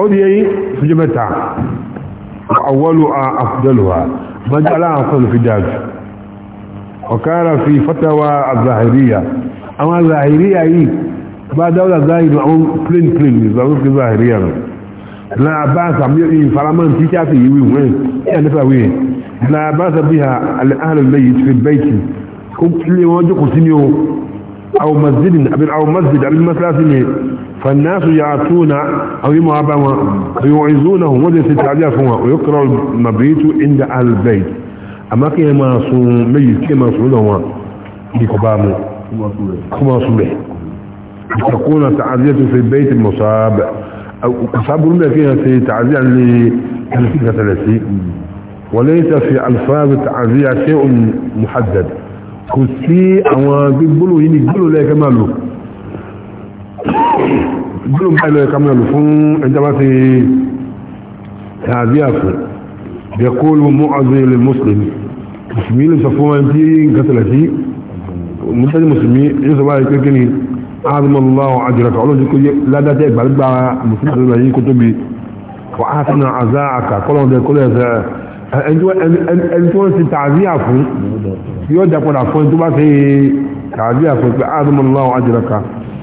ó di èyí ìfúnjẹ́ mẹ́ta àwọ́lù àfúdẹ́lùwà mọ́jú aláàfẹ́lù fi dájú ọ̀kára fi fatawa àzàhìríyà àwọn àzàhìríyà yìí bá dáwọ́dà záhìrì àwọn plain plain zàhìríyà rẹ̀ láàbá sàmúyẹ̀ ìfaramọ́ tí kí a fi ìwé wọ́n ẹ̀ nípa wíyẹ̀ láàbá sàbí ha alẹ́hàlẹ́ yìí ti fi bẹ́ẹ̀kì ó lè wọ́n jókòó sí ní o àwọn masjid àbí masalasi ni فالناس يعطون أو يمعبوا ويعزونهم وذي تتعجفهم ويقرأ المبيت عند أهل البيت أما كما صوم ميت كما صولهم بكبامه كما صبح تكون تعزية في البيت المصاب أو أصحاب المية فيها تعزية لثلاثين ثلاثين وليس في ألفاظ تعزية شيء محدد كسي أو بيقولوا يني بيقولوا لا كمالوا gbọ́dọ̀ báyìí lọ́yẹ̀ kámẹ́rà lò fún ẹjọ́ bá ti tàbí àfò yaqulu mu'adhdhin lil muslim musulmi lè sọ fún wọn tí nǹkan tẹ̀lẹ̀ sí mùsùlùmí musulmi yóò sọ báyìí kékeré ni azimallahu ajraka ọlọ́dún kó ládàtẹ́ ìgbàlúgbà musulmi àti ìgbàlúgbà yìí kó tóbi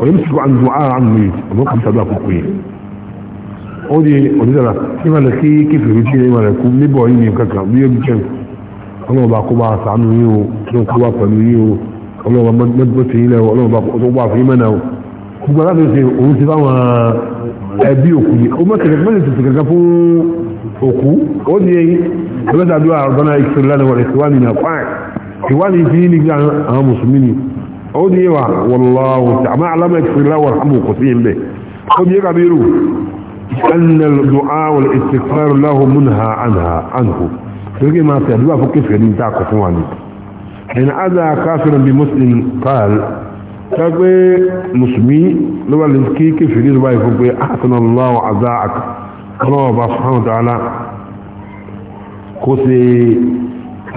ويمسك عن دعاء عن ميت وممكن تدعى كوكوية ودي ودي لا كيف انا كي كيف بيجي لي مالا كوم لي بوين ني كاكا بيو بيجن انا با كوبا سانو يو كيو كوبا فانو يو انا با مد بتي لا انا با كوبا في منا كوبا لا بيجي او تي باما ابي اوكو ني او ما كده ما لسه كاكا فو اوكو ودي اي بلا دعاء ربنا يكفر لنا ولاخواننا فاعل اخواني فيني يعني انا مسلمين ó ní wà wọ́láwọ́ tí a máa alámẹ́ ti láwọ̀ àmù kò sí ilẹ̀ ó ní kàbírù annal du'a wal istighfar lahu munha anha anhu sirge ma ta du'a fa kifre din ta ko fuwa ni in adha kafir bi muslim qal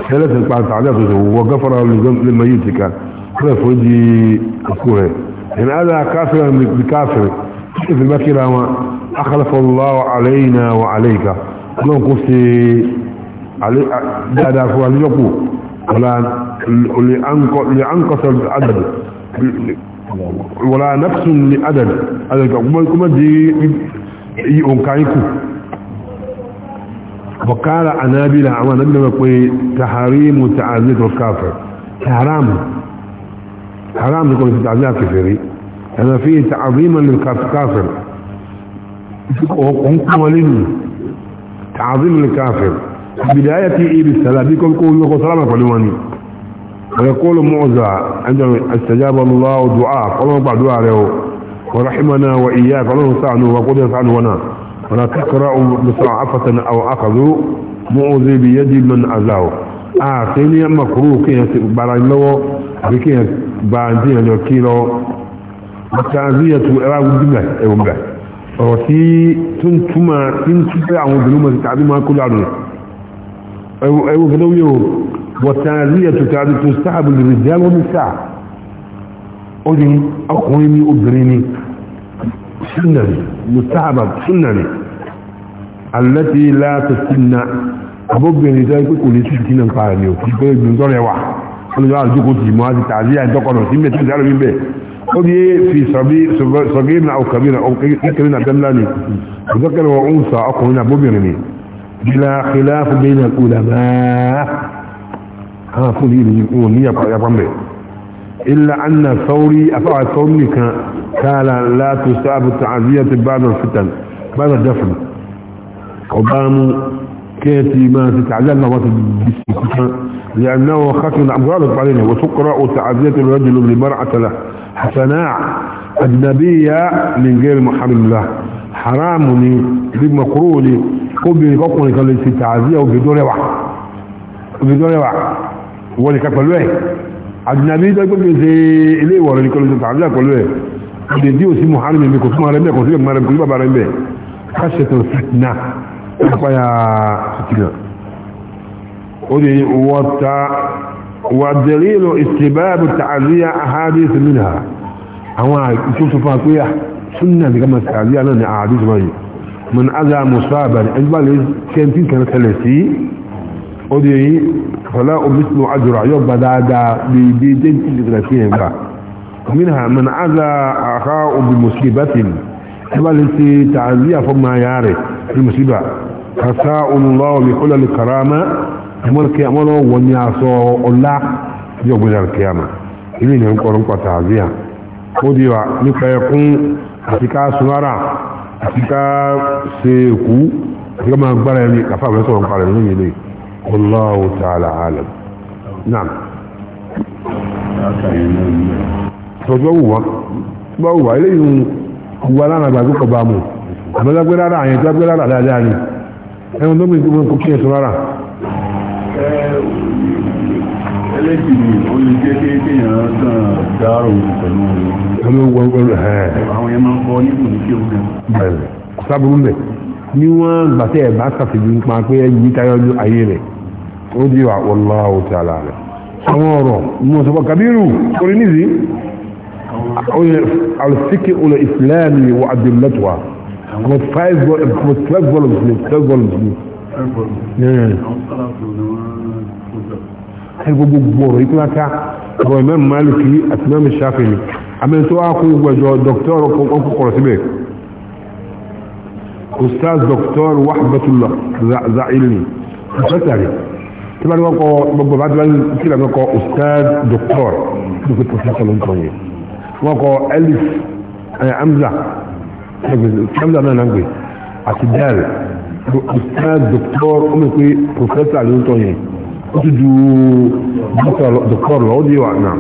ثلاثة بعد وغفر لما يوتي كيف ودي اكوه ان بكافر في اخلف الله علينا وعليك لون كفتي علي دا دا فو علي يقو ولا لانك لانكس العدد وقال انا بلا عوان الكافر حرام يكون تعذيب كفري هذا فيه تعظيما للكافر وقوم قولين تعظيم للكافر بدايته بالسلام يقول يقول سلام فلواني ويقول معزى عندما استجاب الله دعاء قالوا بعد دعاء له ورحمنا وإياك قالوا سعنه وقل يسعنوا ونا ولا تقرأوا مصاعفة أو أخذوا معزي بيد من أذاه أعطيني آه، مكروه كيه براي الله بكيه gbaanti yẹn lọ kí lọ mọ̀tàzíyà tó ẹ̀rọ agbègbè ẹ̀wọ̀n bẹ̀ ọ̀rọ̀ tí tó ń túmọ̀ tí ń túbẹ̀ àwọn obìnrin mọ̀ tàbí máa kó lánà ẹ̀wọ̀n kẹ́lẹ́ wíyẹ̀ o mọ̀tàzíyà tó tàbí tó sáàbù lè rí jẹ́ lọ́mí sáà ó di ọkùnrin ní obìnrin ní sunnari mùsáàbà sunnari alẹ́tí látọ̀ sínà àbóbìnrin tó ẹgbẹ́ kò ní sí sínà pààrẹ̀ ní òkú olùyọ́ àdúgbò ti mọ́ àti tààzí àìdọ́kọ̀nà sí mẹ́tí ìdárò mi bẹ́ẹ̀ ó bí fi sọ̀gẹ́rìnà ọkàbìnà ọkàbìnà dánlá ni ọ̀dọ́kẹ̀rẹ̀ wọn ń sọ ọkùnrin àbóbìnrin ni bílá khilaf bayna al-ulama àwọn fún ìlú wọn ní yapamẹ́ illa anna sauri afáwà sauri nìkan kala la tusabu ta'aziyatu ba'da fitan ba'da dafn ọba mu كيتي ما تتعلمنا وتبسكتها لأنه خشن غالط علينا وتقرأ وتعزية الرجل لمرأة له حسناء أجنبية من غير محرم له حرام لمقرول قبل قبل في تعزية وبدون يوح وبدون واحد ولك فلوه أجنبي ده يقول إليه ورد كالتي تعزية كلوه قد يديو سي محرم بكثمة رمي كثمة رمي كثمة رمي خشية الفتنة ya kutiga odi wata wa dalilu istibab ta'ziya ahadith minha awa kutu fa kuya sunna bi kama ta'ziya na ni ahadith mai من أذى مصابا إجبال كنتين كانت هلسي أدري فلا أبسل أجرع يبا دا دا بي بي دين كل ثلاثين با منها من أذى أخاء بمصيبة إجبال تعزية فما يارك المصيبة كساء الله بحلل الكرامة أمر كيامنا ونياسو الله يوم القيامة إلي نقول لكم تعزيها kódìwà nípa ẹkún àti ká súnmárà àti ká ṣe èkú àti ká máa gbára ẹni kàfà mẹ́sọ̀ ń parẹ̀ lóyìn ilé Allahu ta'ala alam náà tọ́jú ọwọ́ wà ilé ìhun wà lánàgbà tó kọ àbẹ́lágbé rárá àyẹ̀ tó gbé rárá dáadáa ni ẹ̀wọ̀n tó gbé kò kí ẹ̀sùn rárá. ẹlẹ́gbìnì ó lè jẹ́ kí èèyàn àwọn di ọ̀rọ̀ mo kabiru orí nìyí alfiki ul islami wa adillatuwa about five about twelve volumes ni twelve volumes ni. ẹ gbogbo gbòòrò yìí kúlá ká ọ̀rọ̀ ìmọ̀ málìkì àti mẹ́mí sáfìnì àmì tó wá kó gbẹ̀jọ dr ọkọ̀kọ̀rọ̀ síbẹ̀ ustaz dr wahbatullah zailni professori tí wọ́n kọ́ gbogbo bá dúró kí lóun kọ́ ustaz dr dókítà professor ló ń kọ́ yẹn wọ́n kọ́ elif hamza hamza náà náà gbé àti dáàlì ọ̀sán dọ́kítọ́r ọmọ pé pòfẹ́sà ló ń tọ́ yẹn ó ti ju dọ́kítọ́r lọ́wọ́ di wà náà